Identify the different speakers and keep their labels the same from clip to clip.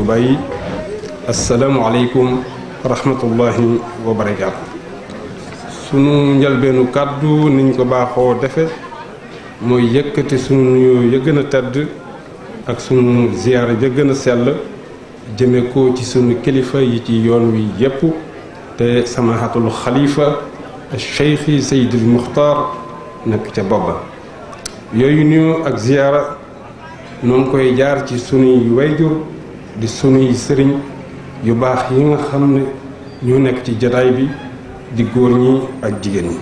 Speaker 1: دبي السلام عليكم رحمة الله وبركاته سنو نجل بينو كادو نينكو باخو دفة مو يكتي سنو يغن تد اك سنو زيارة يغن سل جميكو تي سنو كليفة يتي يونو يبو تي سماحات الخليفة الشيخ سيد المختار نكتا بابا يوينيو اك زيارة نونكو يجار تي سنو يويجو di sunuy sëriñ yu bax yi nga xamne ñu nekk ci jotaay bi di góor ñi ak jigen ñi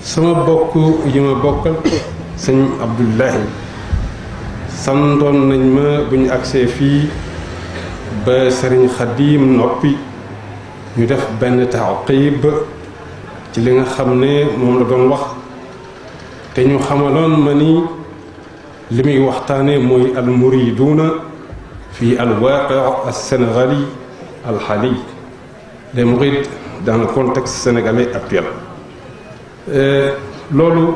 Speaker 1: sama bokku yi ma bokkal sëñ Abdullahi santoon nañ ma buñu accé fi ba sëriñ khadim nopi ñu def ben taqib ci li nga xamne ne la doon wax te ñu xamalon mani limi waxtane moy al muriduna في الواقع السنغالي الحالي لمغيد مغيد دان الكونتكست السنغالي اكتيل لولو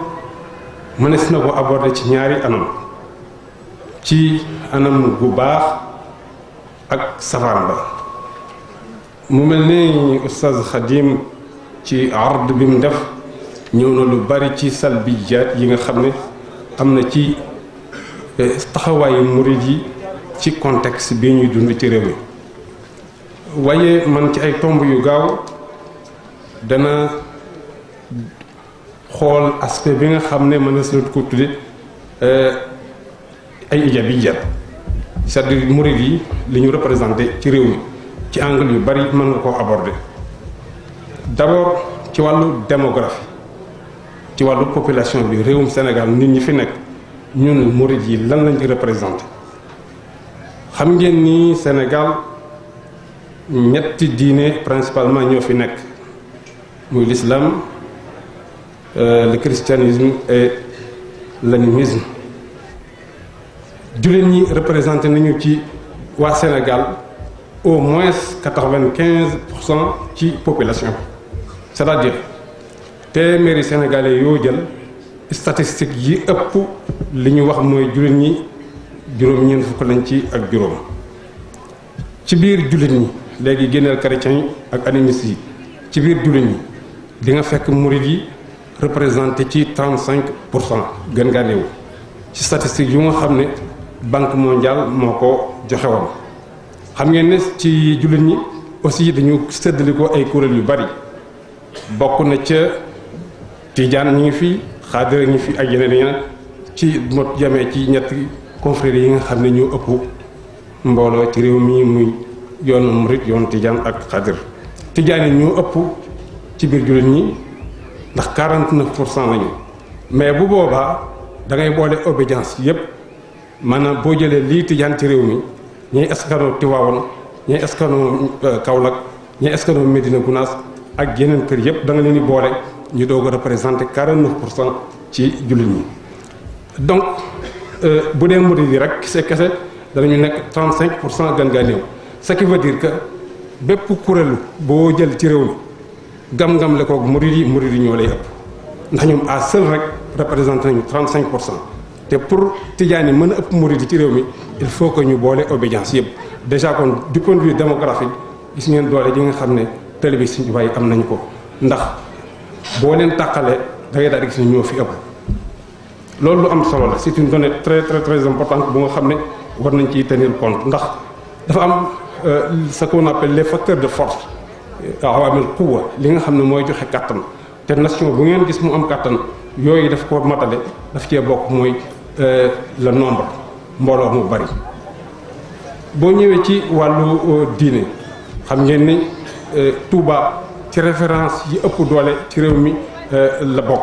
Speaker 1: منسنا بو ابوردي سي نياري انام سي انام بو باخ اك سفان با مو ملني استاذ خديم سي عرض بيم داف نيونا لو باري سي سلبيات ييغا خامني امنا سي تخاواي موريد يي ci contexte bi ñuy dund ci réew mi waaye man ci ay tomb yu gaaw dana xool aspect bi nga xam ne mën na ko tudde euh, ay ijab yi jàpp c'est-à-dire murid yi li ñu représenté ci réew mi ci angle yu bari mën nga koo aborder d'abord ci wàllu démographie ci wàllu population bi réewum Sénégal nit ñi fi nekk ñun murid yi lan lañ ci représenté xam ngeen ni Sénégal ñetti principalement ñoo fi l'islam euh, le christianisme et l'animisme Nous ñi représenté Sénégal au moins 95% de la population c'est-à-dire téeméeri sénégalais yoo jël statistique yi ëpp li ñu wax mooy ñi. juróom ñeent fukk lañ ci ak juróom ci biir jullit ñi léegi génneel chrétien ak animiste ci biir jullit ñi dinga fekk murid yi représenté ci trente cinq pour cent gën ngaa néew ci statistique yu nga xam ne banque mondiale moo ko joxe xam ngeen ne ci jullit ñi aussi dañu séddali ko ay kuréel yu bari bokk na ca tijaan ñi ngi fi xaadir ñi fi ak yeneen yeneen ci mot jamee ci ñett confréries yi nga xam ne ñu ëpp mbooloo ci réew mi muy yoonu murit yoonu tijaan ak xadir tijaan yi ñoo ëpp ci biir jullit ñi ndax 49 pour cent lañu mais bu boobaa da ngay boole obédience yépp maanaam boo jëlee lii tijaan ci réew mi ñuy askano Tiwaawoon ñuy askano euh, Kaolack ñuy askano Medina Gunaas ak yeneen kër yépp da nga leen boole ñu doog a représenté 49 pour cent ci jullit ñi Euh, bu dee murid yi rek kese kese danañu nekk 35 pour cent gën gaa ce qui veut dire que bépp kuréelu boo jël ci réew mi gam-gam la koog murid yi murid yi ñoo lay ëpp ndax ñoom à seul rek représenté nañu 35 pour cent te pour tijaan yi mën a ëpp murid yi ci réew mi il faut que ñu boole obédience yëpp déjà kon du point de vue démographique gis ngeen doole ji nga xam ne télé bi suñu waaye am nañu ko ndax boo leen tàqale da ngay daal di gis ne ñoo fi ëpp loolu lu am solo la c'est une donnée très très très importante bu nga xam ne war nañ ci tenir compte ndax dafa am euh, ce qu'on appelle les facteurs de force euh, awaamil quwa li nga xam ne mooy joxe kàttan te nation bu ngeen gis mu am kàttan yooyu daf ko matale daf cee bokk mooy euh, le nombre mbooloo mu bari boo ñëwee ci wàllu diine xam ngeen ni Touba ci référence yi ëpp doole ci réew mi la bokk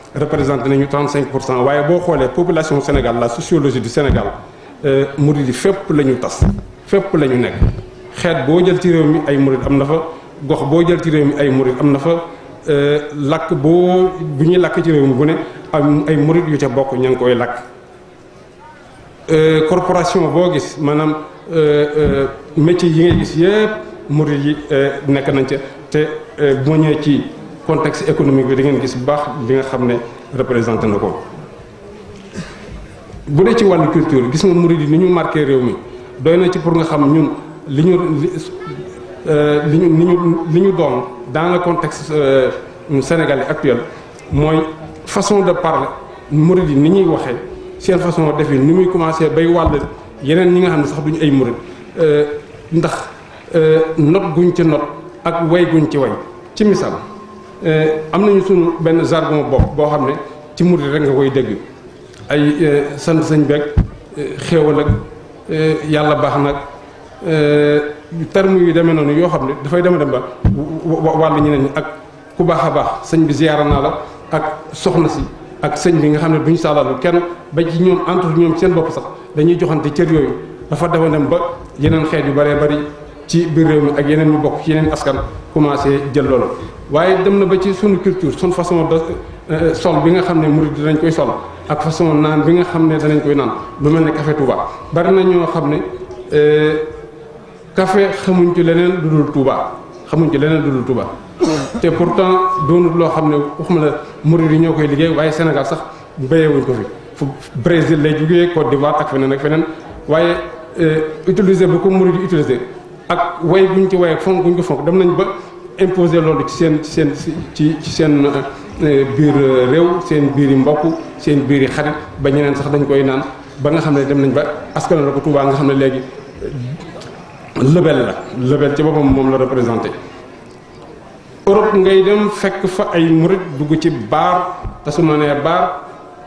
Speaker 1: représenté nañu 35 pour cent waaye population Sénégal la sociologie du Sénégal euh, murid yi fépp la ñu tas fépp la ñu nekk xeet boo jël ci réew mi ay murid am na fa bo boo jël ci réew mi ay murid am na fa euh, lakk boo bu ñuy ci réew bu ne ay murid yu ca bokk ña ngi koy lakk euh, corporation boo gis maanaam métier yi ngay gis yëpp murid yi nekk nañ ca te bu ma ci contexte économique bi da ngeen gis bu baax li nga xam ne représenté na ko bu dee ci wàllu culture gis nga murid yi ni ñu marqué réew mi doy na ci pour nga xam ñun li ñu li euh, ñu li ñu li ñu doon dans le contexte euh, sénégalais actuel mooy façon de parler murid yi ni ñuy waxee seen façon def yi ni muy commencé bay wàll yeneen ñi nga xam ne sax duñu ay murid euh, ndax not guñ ci not ak way guñ ci way ci misaal Eh, am nañu sunu benn jargon bopp boo xam ne ci murit rek nga koy dégg ay eh, sant sëñ beeg eh, xéewal ak yàlla baax nag terme yu demee noonu yoo xam ne dafay dema dem ba wàllu ñeneen ñi ak ku baax a baax sëñ bi ziyaara naa la ak soxna si ak sëñ bi nga xam ne duñu saalalu kenn ba ci ñoom entre ñoom seen bopp sax dañuy joxante cër yooyu dafa defa dem ba yeneen xeet yu bëree bari ci biir réew mi ak yeneen ñu bokk ci yeneen askan commencé jël loolu waaye dem na ba ci suñu culture suñ façon de euh, sol bi nga xam ne di danañ koy sol ak façon naan bi nga xam ne danañ koy naan lu mel ni café Touba bari na ñoo xam ne euh, café xamuñ ci leneen lu dul Touba xamuñ ci leneen lu dul Touba te pourtant doonut loo xam ne waxuma la murid yi ñoo koy liggéey waaye Sénégal sax béyewuñ ko fi fu Brésil lay jugee Côte d'Ivoire ak feneen ak feneen waaye euh, utiliser bu ko murid yi utiliser ak way buñ ci waye fonk buñ ko fonk dem nañ ba imposé loolu ci seen seen ci ci seen euh, biir euh, réew seen biir yi mbokk seen biir yi xarit ba ñeneen sax dañ koy naan ba nga xam ne dem nañ ba askan la ko Touba nga xam ne léegi euh, lëbel la lëbel ci boppam moom la représenté Europe ngay dem fekk fa ay murit dugg ci baar te su ma nee baar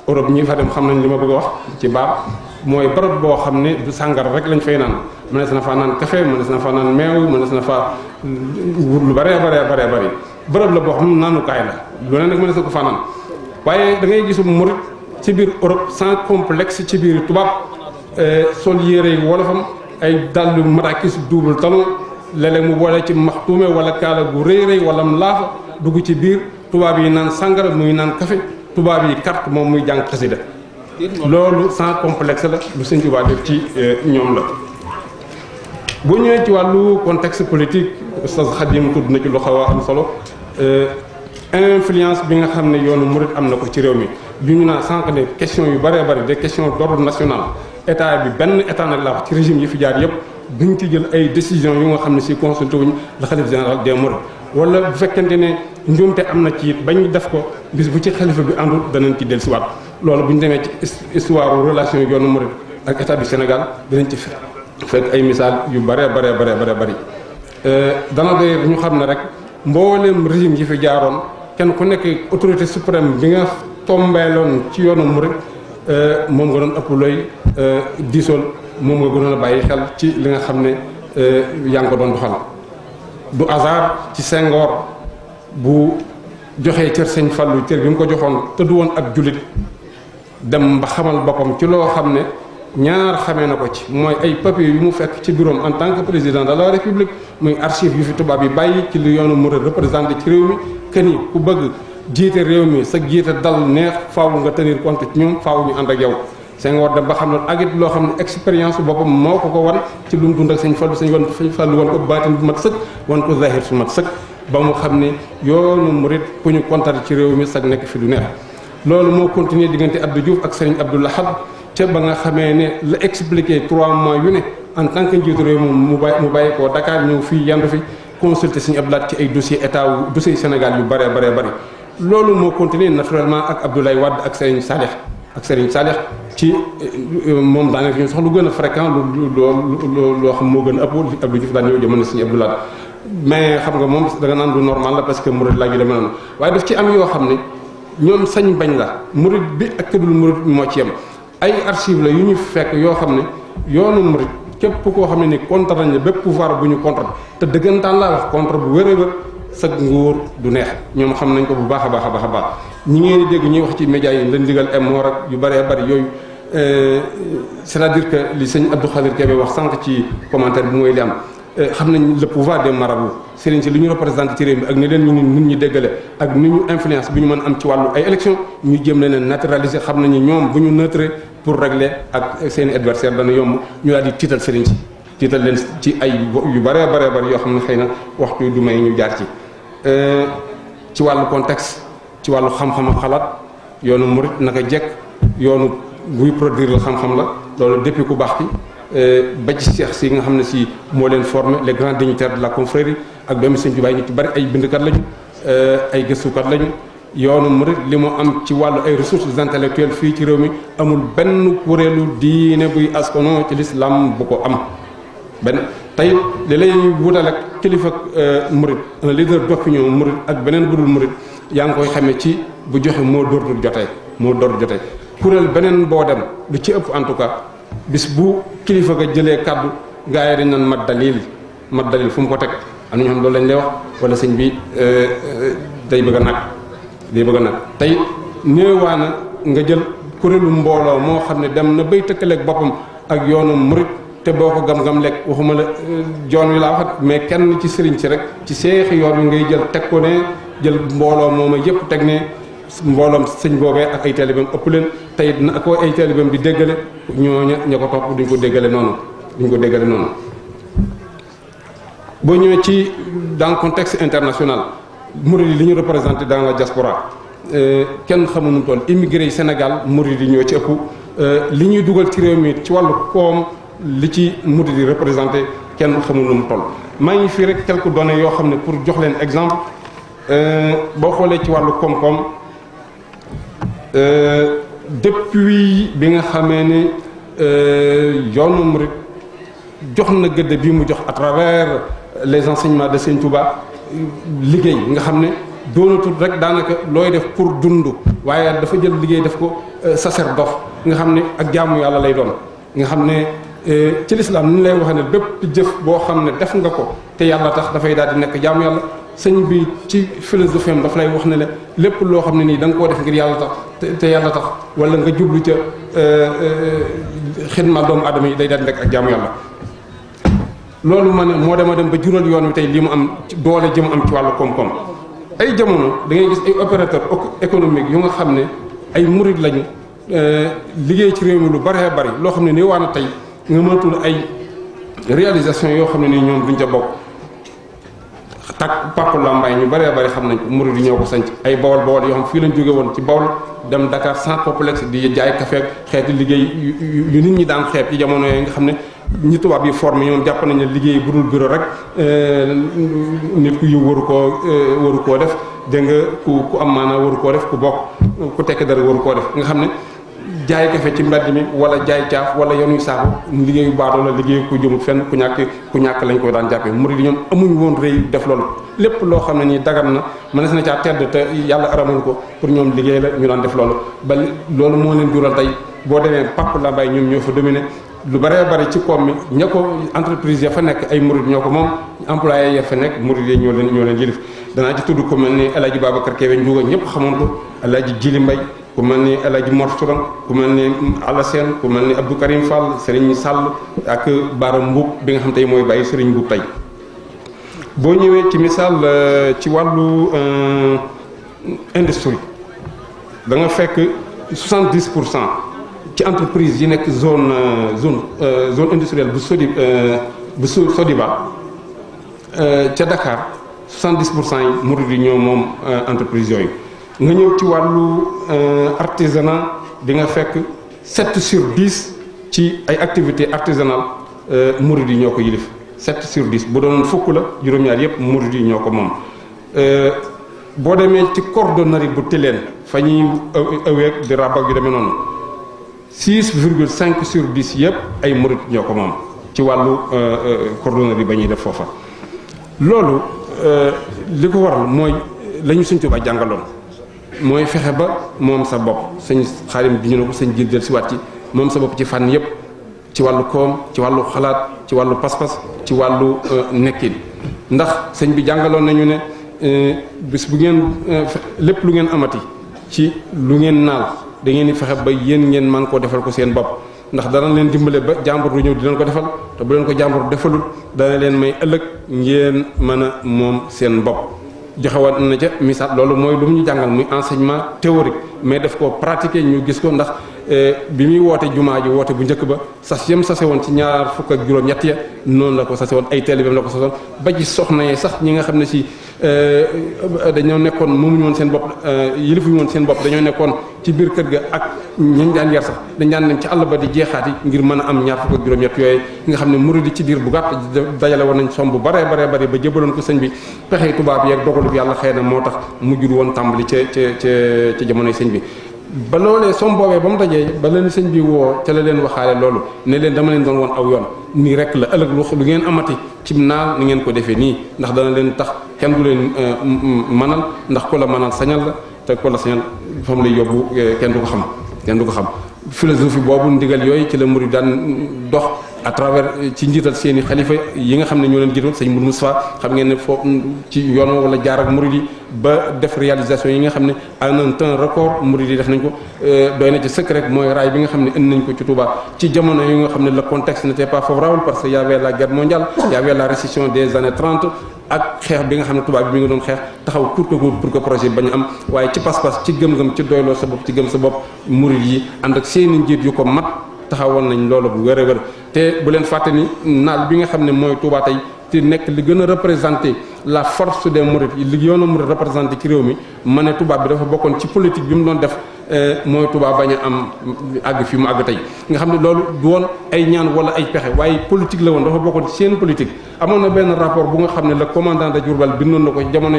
Speaker 1: Europe ñi fa dem xam nañ li ma bëgg a wax ci baar mooy barab boo xam ne du sàngara rek lañ fay naan mënees na faa naan café mënees na faa naan meew mënees na faa euh, wut lu bare bare bare bëri barab la boo xam ne naanukaay la lu ne nag mënees na ko faa naan waaye da ngay gis murit ci biir Europe sans complexe ci biir tubaab euh, sol yére yi wolofam ay dàllu marakis double talon léeg-léeg mu boole ci maxtuume wala kaala gu rëy rëy wala mu laafa dugg ci biir tubaab yi naan sàngara muy naan café tubaab yi carte moom muy jàng xasida loolu sans complexe la lu sëñ Tuubaa def ci euh, ñoom la bu ñëwee ci wàllu contexte politique Oustaz Khadim tudd na ci lu xaw a am solo euh, influence bi nga xam ne yoonu murit am na ko ci réew mi bi ñu naa sànq ne question yu bëree bëri des questions d'ordre national état bi benn état na la wax ci régime yi fi jaar yëpp duñ ci jël ay décision yu nga xam ne si consulté wuñ la xalif général des mourides wala bu fekkente ne njuumte am ci def ko bis bu ci xalifa bi danañ ci loolu histoire relation yoonu ak état du Sénégal ci fekk ay misaal yu euh, dana ñu rek régime yi fi jaaroon kenn ku nekk autorité suprême bi nga tombeeloon ci yoonu euh, moom nga doon ëpp looy euh, diisool moom nga gënoon a xel ci li nga ne doxal du hasard ci Senghor bu joxee cër sëñ Fallou cër bi mu ko joxoon tëdd woon ak jullit dem ba xamal boppam ci loo xam ne ñaar xamee na ko ci mooy ay papier yu mu fekk ci bureau en tant que président de la république muy archive yu fi tubaab yi bàyyi ci li yoonu mu murid représenté ci réew mi ken yi ku bëgg jiite réew mi sa jiite dal neex faaw nga tenir compte ci ñoom faaw ñu ànd ak yow Senghor dem ba xam ne ak loo xam ne expérience boppam moo ko ko wan ci lu mu dund ak sëñ Fallu sëñ wan sëñ Fallu wan ko bu mat sëkk wan ko su mat sëkk ba mu xam ne yoonu murit ku ñu kontaan ci réew mi sax nekk fi du neex loolu moo continuer diggante Abdou Diouf ak Serigne Abdou Lahad ca ba nga xamee ne la expliqué trois mois yu ne en tant que njiitu réew mu bàyyi mu bàyyi koo Dakar ñëw fii yandu fi consulté Serigne Abdou Lahad ci ay dossier état dossier Sénégal yu bëree bëree bëri loolu moo continuer naturellement ak Abdoulaye Wade ak Serigne Salih ak Serigne Saalix ci euh, moom daanaka ñun sax lu gën a fréquent lu lu loo xam moo gën a ëpp Abdou Diouf daan ñëw jamono Serigne Abdou Lahad mais xam nga moom da naan lu normal la parce que murid laa ju demee noonu waaye daf ci am yoo xam ne ñoom sañ bañ la murid bi ak tëddul murid moo ci yem ay archive la yu ñu fekk yoo xam ne yoonu murid képp koo xam ne ni contre nañ la bépp pouvoir bu ñu contre te dëggantaan laa wax contre bu wér a wér sa nguur du neex ñoom xam nañ ko bu baax a baax a baax a baax ñi ngeen di dégg ñuy wax ci média yi lañ digal ay moor ak yu bëree bëri yooyu c'est-à-dire que li sëñ Abdou Khadir Kébé wax sànq ci commentaire bi mooy li am xam nañ le pouvoir des marabouts sëriñ si li ñu représenté ci réew mi ak ni leen ñu nun ñu déggale ak ni ñu influence bi ñu mën am ci wàllu ay élection ñu jëm leen a naturaliser xam nañu ñoom bu ñu neutre pour régler ak seen i adversaire dana yomb ñu daal di tiital sëriñ si tiital leen ci ay yu bëree bëree bëri yoo xam ne xëy na waxtu du may ñu jaar ci ci wàllu contexte ci walu xam xam-xam ak xalaat yoonu mourid naka jek yoonu buy produire la xam-xam la lolu depuis ku bax ki ba ci cheikh si nga xamne ne si moo leen formé les grands dignitaires de la confrérie ak doomi seigne Tuubaa ñu ci bari ay bind kat lañu ay gëssu kat lañu yoonu mourid li am ci walu ay ressources intellectuelles fi ci réew mi amul benn kurelu diine buy askono ci l'islam bu ko am ben tay li lay wutal ak kilifa mourid un leader d'opinion mourid ak benen budul mourid yaa ngi koy xamee ci bu joxe moo dóor du jotee moo door du jotee kuréel beneen boo dem lu ci ëpp en tout cas bis bu kilifa nga jëlee kàddu gaa yi dañ naan mat dalil mat dalil fu mu ko teg am loolu lañ lay wax wala sëñ bi euh, euh, day bëgg nag day bëgg nag tey néewaa nga jël kuréelu mbooloo moo xam ne dem na bay tëkkaleeg boppam ak yoonu murit te boo ko gam-gam lekk waxuma la euh, joon wi laa waxat mais kenn ci sëriñ si rek ci seexi yoon wi ngay jël teg ko ne jël mbooloo mooma yëpp teg ne mbooloom sëñ boobee ak ay talibam ëpp leen tey na ko ay talibam di déggale ñooña ña ko topp duñ ko déggale noonu duñ ko déggale noonu boo ñëwee ci dans contexte international murid yi li ñu représenté dans la diaspora euh, kenn xamuñu toll immigré Sénégal murid yi ñoo ci ëpp euh, li ñuy dugal ci réew mi ci wàllu koom li ci murid yi représenté kenn xamuñu mu toll maa ngi fii rek quelques données yoo xam ne pour jox leen exemple Euh, boo xoolee ci wàllu koom-koom euh, depuis bi nga xamee ni euh, yoonu murid jox na gëdd bi mu jox à travers les enseignements de Sëñ Touba liggéey nga xam ne doonatul rek daanaka looy def pour dund waaye dafa jël liggéey def ko sacerdoce nga xam ne ak jaamu yàlla lay doon nga xam ne. Eh, ci lislaam ni ñu lay waxee ne bépp jëf boo xam ne def nga ko te yàlla tax dafay daal di nekk jaamu yàlla sëñ bi ci philosophie am daf lay wax ne le lépp loo xam ne nii da nga koo def ngir yàlla tax te yàlla tax wala nga jublu ca eh, eh, xidma doomu aadama yi day daal di nekk ak loolu ma ne moo dama dem ba jural yoon wi tey li mu am doole jëm am ci wàllu koom-koom ay jamono da ngay gis ay opérateur économique yu nga xam ne ay murid lañu liggéey ci réew mi lu bëree bëri loo xam ne nii waa na tey nga mënatul ay réalisation yoo xam ne ni ñoom duñ ca bokk tak Papa Lambaye ñu bëree bëri xam nañ ko murid yi ñoo ko sanc ay bawol bawol yoo xam fii lañ jóge woon ci bawol dem Dakar sans complexe di jaay café xeeti liggéey yu nit ñi daan xeeb ci jamono yi nga xam ne ñi tubaab yi formé ñoom jàpp nañ liggéey bu dul bureau rek euh, nit ku yiw waru koo euh, waru koo def dégg ku ku am maanaam waru koo def ku bokk ku tekk dara waru koo def nga xam ne jaay kafe ci mbedd mi wala jaay caaf wala yonuy saabu liggéeyu baadoo la liggéey ku jëmul fenn ku ñàkk ku ñàkk lañ koy daan jàppee murid yi ñoom amuñ woon rëy def loolu lépp loo xam ne nii dagan na mënees na caa tedd yàlla ko pour ñoom liggéey la ñu daan def loolu ba loolu moo tey boo demee pàpp la mbay ñoom ñoo fa dominé lu bëree bëri ci koom mi ña fa nekk ay murid ñoo ko moom employé ya fa nekk murid yi ñoo leen ñoo leen yilif danaa ci tudd ko mel ni El Hadj Babacar Kébé Ndiouga ñëpp xamoon ko El Hadj Mbay ku mel ni El Hadj Mor Turam ku mel ni Alassane ku mel ni Abdou Karim Fall Serigne Sall ak Baram Mbuub bi nga xam tay moy bàyyi Serigne Mbuub tey boo ñëwee ci misal euh, ci walu euh industrie da nga fekk 70 ci entreprise yi nek zone euh, zone euh, zone industrielle bu Sodi euh, bu Sodiba euh ci Dakar 70 pour ñoom mom murid yi euh, entreprise yooyu nga ñëw ci wàllu euh, artisanat di nga fekk 7 sur 10 ci ay activités artisanales euh, murid yi ñoko yilif 7 sur 10 bu doon fukk la juróom-ñaar yépp murid yi ñoo ko moom. Euh, boo demee ci cordonnerie bu Tilène fa ñuy ëweeg di rabak yu demee noonu 6 virgule sur 10 yépp ay murid ñoko mom moom ci wàllu cordonnerie ba ñuy def fofa lolu euh ko waral moy lañu señtu ba Tuubaa moy fexé ba mom sa bop señ xarim bi ñu ko señ jiir ci si waat ci moom sa bop ci fan yépp ci walu kom ci walu xalaat ci walu pass pass ci walu euh, nekkil ndax señ bi jangalon nañu ne euh, bis bu ngeen euh, lepp lu ngeen amati ci lu ngeen naal da ngeen di fexe ba yeen ngeen man ko defal ko seen bop ndax na len dimbalé ba jàmbur du ñëw dinañ ko defal te bu len ko jàmbur defalul na len may ëlëk ngeen mëna mom seen bop joxewaat na ca misaal loolu mooy lu mu ñu jàngal muy enseignement théorique mais daf ko pratiquer ñu gis ko ndax eh, bi muy woote jumaa ji woote bu njëkk ba sas yam sase woon ci ñaar fukk ak juróom ñett ya noonu la ko sase woon ay taalibeem la ko sase ba ji soxna yi sax ñi nga xam ne si eh, dañoo nekkoon moomuñu woon seen bopp eh, yilifuñu woon seen bopp dañoo nekkoon ci biir kër ga ak ñu daan yar sax dañ daan dem ci àll ba di jeexaat yi ngir mën a am ñaar fukk ak juróom-ñett nga xam ne muridi ci diir bu gàtt dajale woon nañ som bu baree baree bari ba jëbaloon ko sëñ bi pexe tubaab yeeg dogalub yàlla xëy na moo tax mujjul woon tàmbali ca ca ca ca bi ba loolee som boobee ba mu dajee ba leen sëñ bi woo ca la leen waxaale loolu ne leen dama leen doon woon aw yoon nii rek la ëllëg lu lu ngeen amati ci naa na ngeen ko defee nii ndax dana leen tax kenn du leen euh, manal ndax ku la manal sañal la te ku la sañal fam lay yóbbu euh, kenn du ko xam kenn du ko xam philosophie boobu ndigal yooyu ci la murid dox à travers euh, ci njiital seen i xalifa yi nga xam ne ñoo leen jiitoon sëñ Mourou Moustapha xam ngeen ne foofu ci yoon wala jaar ak murid yi ba def réalisation yi nga xam ne en un temps record murid yi def nañ ko euh, doy na ci secret rek mooy raay bi nga xam ne nañ ko ci Touba ci jamono yi nga xam ne le contexte n'était pas favorable parce que y avait la guerre mondiale y avait la récession des années 30 ak xeex bi nga xam ne tubaab bi mi doon xeex taxaw pour que pour que projet bañ am waaye ci pas-pas ci gëm-gëm ci doyloo sa bopp ci gëm sa bopp murid yi ànd ak seeni njiit yu ko mat taxawoon nañ loolu bu wér a wér te bu leen fàtte ni naal bi nga xam ne mooy Touba nek li gëna représenter la force des mourides li yoonu murid représenté ci rewmi mané touba bi dafa bokon ci politique bi mu don def euh tubaab touba baña am ag fi mu ag tay nga xam ne loolu du woon ay ñaan wala ay pexé waye politique la won dafa bokon ci sen politique amono ben rapport bu nga xam le commandant de Diourbel bindoon non ko jamono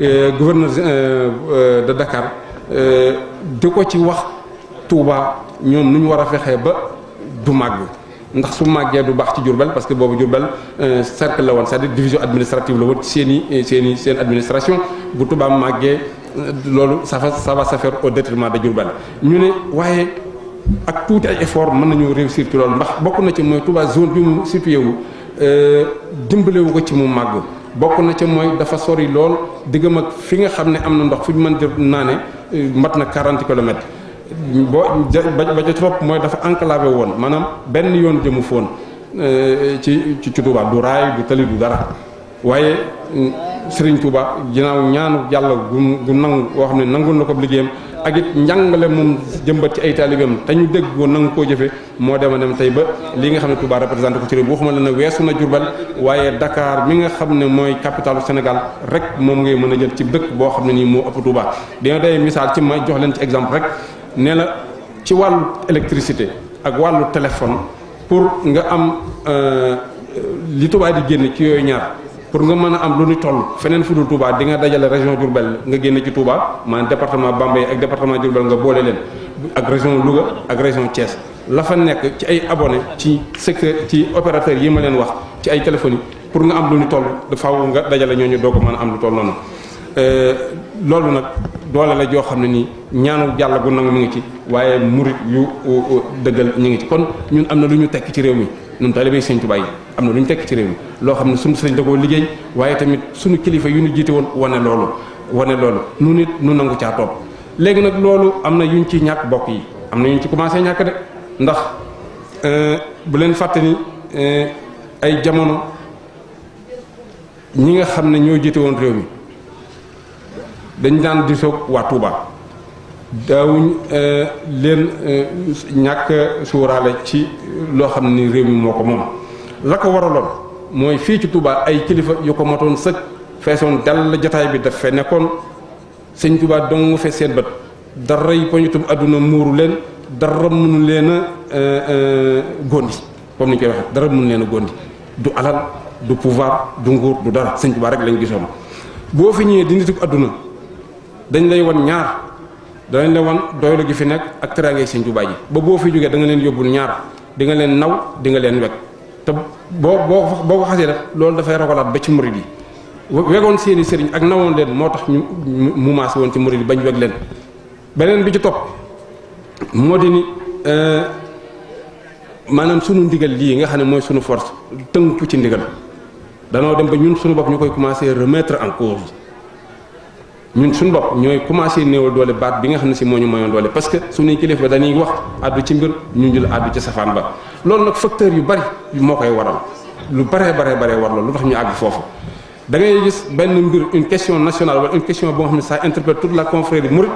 Speaker 1: euh gouverneur euh, euh, de Dakar euh diko ci wax Touba ñoom nu wara fexé ba du màgg ndax su màggee du bax ci Diourbel parce que boobu Diourbel euh, cercle la woon c'est-à-dire division administrative la woon seen seni seen administration bu Touba màggee euh, lolu ça va ça va se faire au détriment de Diourbel ñu né wayé ak tuuti ay effort meun nañu réussir ci lolu ndax bokku na ci moy Touba zone bi mu situé wu euh, dimbalewu ko ci mu mag bokku na ci moy dafa sori lool diggam ak fi nga xamné amna ndox fu ñu mën di naane mat na 40 kilomètres boo ba ca topp mooy dafa enclavé woon maanaam benn yoon jëmu foon euh, ci ci Touba du raay du tali du dara waaye mm, Serigne Touba ginnaaw ñaanu yàlla gu gu nangu woo xam ne nangul na ko liggéeyam ak it njàngale moom jëmbat ci ay taalibeem te ñu dégg woon nangu koo jëfe moo dema dem tey ba li nga xam ne Touba représenté ko ci réew waxuma la ne weesu na Jurbel waaye Dakar mi nga xam ne mooy capitalu Sénégal rek moom ngay mën a jël ci dëkk boo xam ne nii moo ëpp Touba dina ci ma jox leen exemple rek ne la ci wàllu électricité ak wàllu téléphone pour nga am euh, li Touba di génn ci yooyu ñaar pour nga mën a am lu ñu toll feneen fu dul Touba di nga dajale région Diourbel nga génn ci Touba maanaam département Bambey ak département Diourbel nga boole leen ak région Louga ak région Thiès la fa nekk ci ay abonnés ci secteur ci opérateur yi ma leen wax ci ay téléphones pour nga am lu ñu toll faaw nga dajale ñooñu doo ko mën a am lu toll noonu. Euh, loolu nag doole la joo xam ne ni ñaanu yàlla gu nangu mi ngi ci waaye murit yu dëggal ñu ngi ci kon ñun am na lu ñu tekk ci réew mi ñun talibé Sëriñ Tuubaa yi am na lu ñu tekk ci réew mi loo xam ne suñu sëriñ da koo liggéey waaye tamit suñu kilifa yu ñu jiite woon wane loolu wane loolu nu nit nu nangu caa topp léegi nag loolu am na yuñ ci ñàkk bokk yi am na yuñ ci commencé ñàkk de ndax euh, bu leen fàtte ni euh, ay jamono ñi nga xam ne ñoo jiite woon réew mi dañ daan disoog waa Touba daawuñ euh, leen euh, ñàkk suuraale ci loo xam ni réew mi moo ko moom la ko waraloon mooy fii ci Touba ay kilifa yu ko matoon sëkk feesoon dal jataay bi daf fee nekkoon sëñ Touba dong fe seen bët dara yi poñitum àdduna muuru leen dara mënu leen a euh, gondi comme ni ñu koy waxee dara mënu leen a gondi du alal du pouvoir du nguur du dara sëñ Touba rek lañ gisoon boo fi ñëwee di àdduna dañ lay won ñaar dañ lay won doylo gi fi nek ak teraangay sëñ Tuubaa ji ba bo fi jógee da nga len yobul ñaar di nga len naw di nga len weg te bo bo bo xasse rek lolou da fay ragalaat ba ci mouride yi wegoon seeni sëriñ ak nawon len motax ñu mu maas won ci mouride bañ weg len benen bi ci top moo di ni euh, maanaam sunu ndigal li nga xamne moy sunu force tënku ci ndigal danoo dem ba ñun sunu bop ñukoy commencer remettre en cause ñun suñu bopp ñooy commencé néewal doole baat bi nga xam ne si moo ñu mayoon doole parce que suñuy kilifa dañuy wax addu ci mbir ñu jël addu ci safaan ba loolu nag facteur yu bari moo koy waral lu baree baree bare war loolu lu tax ñu àgg foofu da ngay gis benn mbir une question nationale wala une question boo xam ne ça interpelle toute la confrérie mouride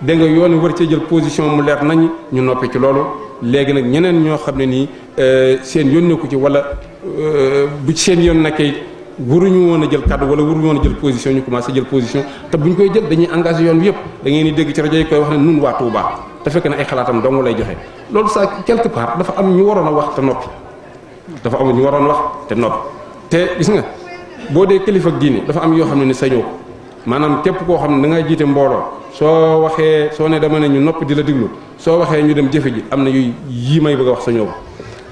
Speaker 1: da nga yoon war cee jël position mu leer nañ ñu noppi ci loolu léegi nag ñeneen ñoo xam ne nii euh, seen yoon nekku ci wala euh, bu seen yoon nekkee ñu woon a jël kàddu wala waruñu woon a jël position ñu commencé jël position te buñ koy jël dañuy engagé yoon bi yëpp da ngeen di dégg ci rajo yi koy wax ne nun waa Touba te fekk na ay xalaatam dong lay joxe loolu saa quelque part dafa am ñu waroon a wax te noppi dafa am ñu waroon wax te noppi te gis nga boo dee kilifa diine dafa am yoo xam ne ne sañoo ko maanaam képp koo xam ne dangay jiite mbooloo soo waxee soo ne dama ne ñu noppi di la diglu soo waxee ñu dem jëfe ji am na yu yii may bëgg a wax sañoo ko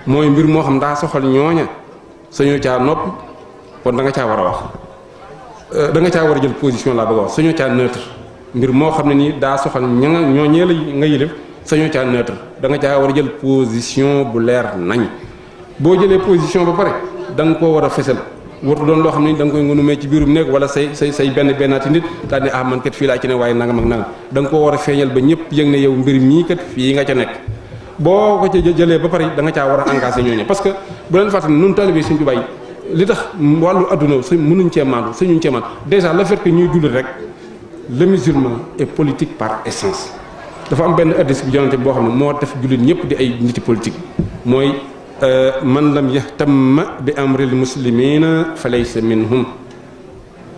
Speaker 1: mooy mbir moo xam daa soxal ñooña sañoo caa noppi kon da nga caa war a wax euh, da nga caa war a jël position laa bëgg a wax sañoo caa moo xam ne nii daa soxal ña ñoo ñee nga yilif sañoo caa neutre da nga caa war a jël position bu leer nañ boo jëlee position ba pare da nga koo war a fesal wartu doon loo xam ne da nga koy ngunumee ci biirum nekk wala say say say benn bennaati nit daal ne ah, fii laa ci ne waaye nangam ak nangam da nga war a feeñal ba ñëpp yëg ne yow mbir mii kat fii nga ca nekk boo ko ca jëlee ba pare da nga caa war engagé ñooñu parce que bu leen fàttali nun taalibe Sëriñ Tuubaa yi Les walu aduna, le si mënuñ cee maandu suñuñ cee déjà le fait que ñuy jullit rek le musulman est politique par essence dafa am ben addis bu de boo xam ne moo def n'importe ñëpp di ay politique Moi, euh, man lam yahtam bi amril muslimina fa laysa minhum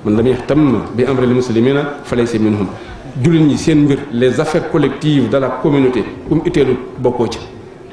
Speaker 1: man lam yahtam bi amril muslimina fa laysa minhum jullit ñi les affaires collectives dans la communauté um était le ci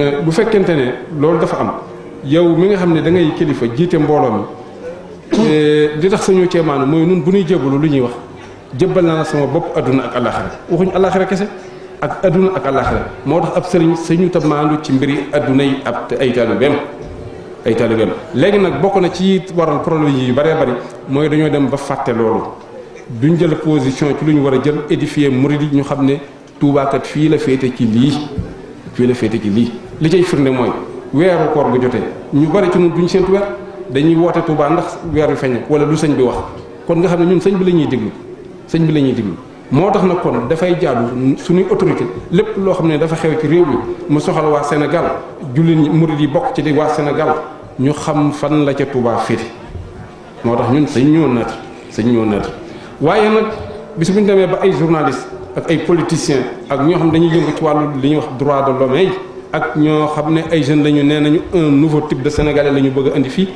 Speaker 1: Euh, bu fekkente ne loolu dafa am yow mi nga xam ne da ngay kilifa jiite mbooloo mi di euh, tax sañu ceemaanu mooy nun bu ñuy jébalu lu ñuy wax jëbbal naa sama bopp adduna ak alaxira waxuñ alaxira kese ak adduna ak alaxira moo tax ab sëriñ sañu ta maandu ci mbiri adduna yi ab ay taalibeem ay taalibeem léegi nag bokk na ci waral problème yi yu mooy dañoo dem ba fàtte loolu duñ jël position ci lu ñu war a jël édifier murid yi ñu xam ne tuubaakat fii la féete ci lii fii la li cay firnde mooy weeru koor bu jotee ñu bari ci ñun duñ seentu weer dañuy woote Tuubaa ndax weer wi feeñe wala lu sëñ bi wax kon nga xam ne ñun sëñ bi la ñuy diglu sëñ bi la ñuy diglu moo tax nag kon dafay jaadu suñuy autorité lépp loo xam ne dafa xew ci réew mi mu soxal waa senegal jullit ñi murid yi bokk ci di waa senegal ñu xam fan la ca Tuubaa féete moo tax ñun sëñ ñoo naat sëñ ñoo naat waaye nag bis bu ñu demee ba ay journaliste ak ay politiciens ak ñoo xam dañuy yëngu ci wàllu li ñuy wax droit de l'homme ak ñoo xam ne ay jeunes lañu nee nañu un nouveau type de sénégalais la ñu bëgg a indi fii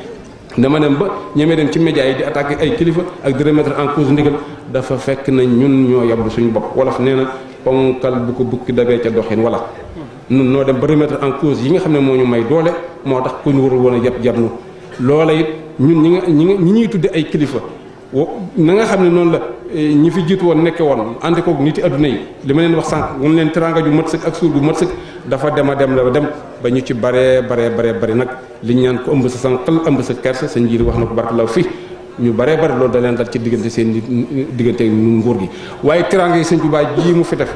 Speaker 1: dama dem ba ñemee dem ci médias yi di attaquer ay kilifa ak di remettre en cause ndigal dafa fekk na ñun ñoo yab suñu bopp wolof nee na ponkal bu ko bukki dabee ca doxin wala ñun noo dem ba remettre en cause yi nga xam ne moo ñu may doole moo tax ku ñu warul woon a yab jar loola it ñun ñi nga ñi ñuy tudde ay kilifa na nga xamni non la eh, ñi fi jitt won nekk won ko niti aduna yi li len wax sank mun len teranga ju mat sëg ak sur gu mat sëg dafa dem a dem la dem ba ñu ci bare bare bare bare nak li ñaan ko ëmb sa sànqal ëmb sa kersa sa njiir wax nako barkalaw ñu bare bare lo da leen dal ci digënté seen ñu nguur gi waye teranga yi señtu ba ji mu fi def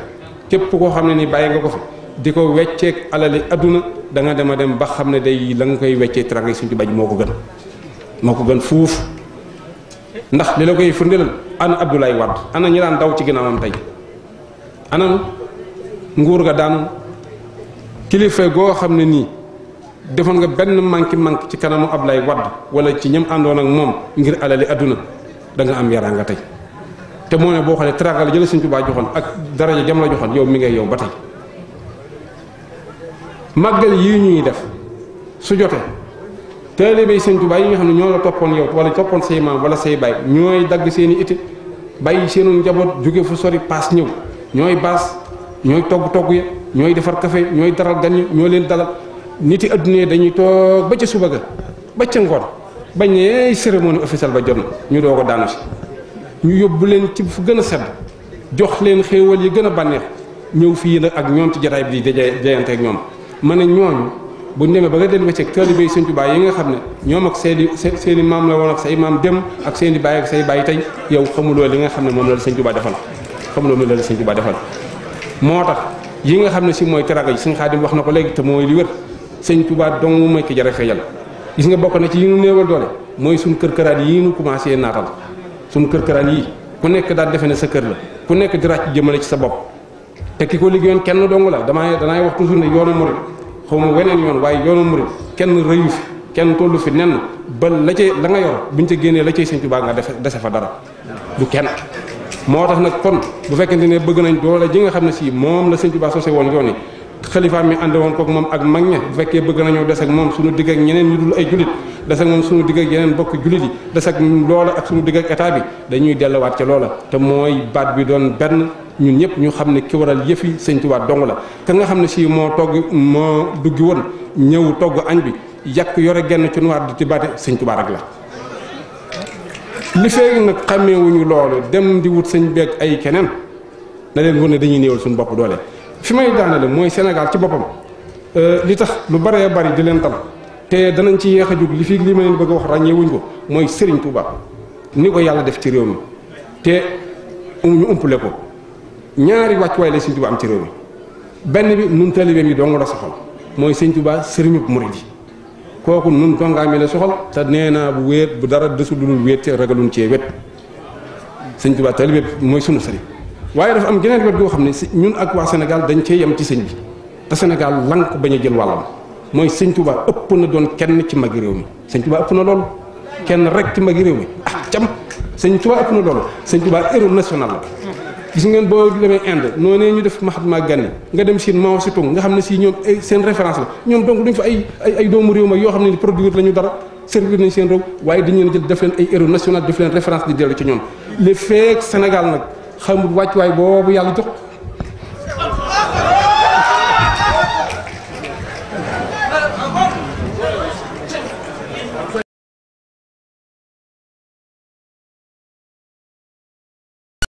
Speaker 1: kep ko xamni ni baye nga ko fi diko wéccé alali aduna da nga dem a dem ba day la nga koy teranga yi señtu ba ji gën moko gën ndax li la koy firndeel ana Abdoulaye Wade ana ñi daan daw ci ginnaawam tey ana nguur ga daan kilifa goo xam ne nii defoon nga benn manki manki ci kanamu ab Abdoulaye wadd wala ci ñam àndoon ak moom ngir alali adduna da nga am yaraa nga tey te moo ne boo xoolee traga la jële Sëñ Tuubaa joxoon ak daraja jam la joxoon yow mi ngay yow ba tey màggal yii ñuy def su jotee taalibey sëñ Tuubaa yi nga xam ne ñoo la toppoon yow wala toppoon say maam wala say baay ñooy dagg seen i itte bàyyi seenu njaboot jóge fu sori paas ñëw ñooy baas ñooy togg togg ya ñooy defar kafe ñooy daral gan ñoo leen dalal niti adduna yi dañuy toog ba ca suba ga ba ca ngoon bañ ne cérémonie officielle ba jot na ñu doo ko daanu si ñu yóbbu leen ci fu gën a sedd jox leen xéewal yi gën a bànneex ñëw fii nag ak ñoom ci jataay bi di jayante ak ñoom ma ne ñooñu bu ñu demee ba nga dellu bëccëg taalibe yi Sëriñ Tuubaa yi nga xam ne ñoom ak seen i seen la woon ak say maam dem ak seen i baay ak say baay tey yow xamuloo li nga xam ne moom la la Sëriñ Tuubaa defal xamuloo moom la la Sëriñ Tuubaa moo tax yi nga xam ne si mooy teraanga ji Sëriñ Xaadim wax na ko léegi te mooy li wér Sëriñ Tuubaa mooy ki jara feejal gis nga bokk na ci yi ñu néewal doole mooy suñ kër këraan yi ñu commencé naatal suñ kër këraan yi ku nekk daal defe ne sa kër la ku nekk di ràcc jëmale ci sa bopp te ki ko kenn dong la xaw ma weneen yoon waaye yoonu murid kenn rëyu fi kenn tollu fi nen ba la cay la nga yor buñ ca génnee la cay sëñ Tuubaa nga def dese fa dara du kenn moo tax nag kon bu fekkente ne bëgg nañ doole ji nga xam ne si moom la sëñ Tuubaa sose woon yoon yi xalifa mi ànd woon kook moom ak mag ña bu fekkee bëgg nañoo des ak moom suñu digg ak ñeneen ñu dul ay julit des ak moom suñu digg ak yeneen bokk julit yi des ak loola ak suñu digg ak état bi dañuy delluwaat ca loola te mooy baat bi doon benn ñun ñëpp ñu xam ne ki waral yëfi sëñ Tuubaa dong la ka nga xam ne si moo togg moo duggi woon ñëw togg añ bi yàq yore genn ci noir di ci baate sëñ Tuubaa rek la li fee nag xàmmeewuñu loolu dem di wut sëñ beeg ay keneen na leen wër ne dañuy néewal suñu bopp doole fi may daanale mooy Sénégal ci boppam euh, li tax lu baree bari di leen tam te danañ ci yéex a jug li fi lii ma leen bëgg a wax ràññeewuñ ko mooy Serigne Touba ni ko yàlla def ci réew mi te ñu umpale ko ñaari wàccuwaay la Sëñ Tuubaa am ci réew mi benn bi nun taalibeem yi dong la soxal mooy Sëñ Tuubaa sëriñub murid yi kooku nun dongaam yi la soxal te nee naa bu wéet bu dara desul lu wéet te cee wet Sëñ Tuubaa taalibe mooy sunu sëriñ waaye dafa am geneen wet goo xam ne ñun ak waa Sénégal dañ cee yem ci sëñ bi te Sénégal lank bañ a jël wàllam mooy Sëñ Tuubaa ëpp na doon kenn ci mag réew mi Sëñ Tuubaa ëpp na loolu kenn rek ci magi réew mi ah, Sëñ Tuubaa ëpp na loolu Sëñ Tuubaa héros gis ngeen boo demee Inde noonee ñu def Mahatma Gandhi nga dem Chine Mao Tse-tung nga xam ne si ñoom seen référence la ñoom donc duñ fa ay ay doomu réew ma yoo xam ne produire la ñu dara servir nañ seen réew waaye dañu leen jël def leen ay héros national def leen référence di dellu ci ñoom. li feek Sénégal nag xamul wàccuwaay boobu yàlla jox.